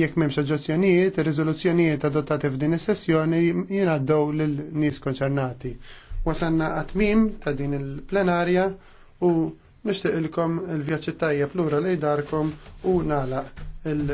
Jekk m'hemmx oġġezzjonijiet, ir-riżoluzzjonijiet adottati f'din is-sessjoni jingħaddew lil nies konċernati. Wasanna għatmim ta' din il-plenarja u nixtieq ilkom il-vjaġġi tajjeb lura darkom u nala il-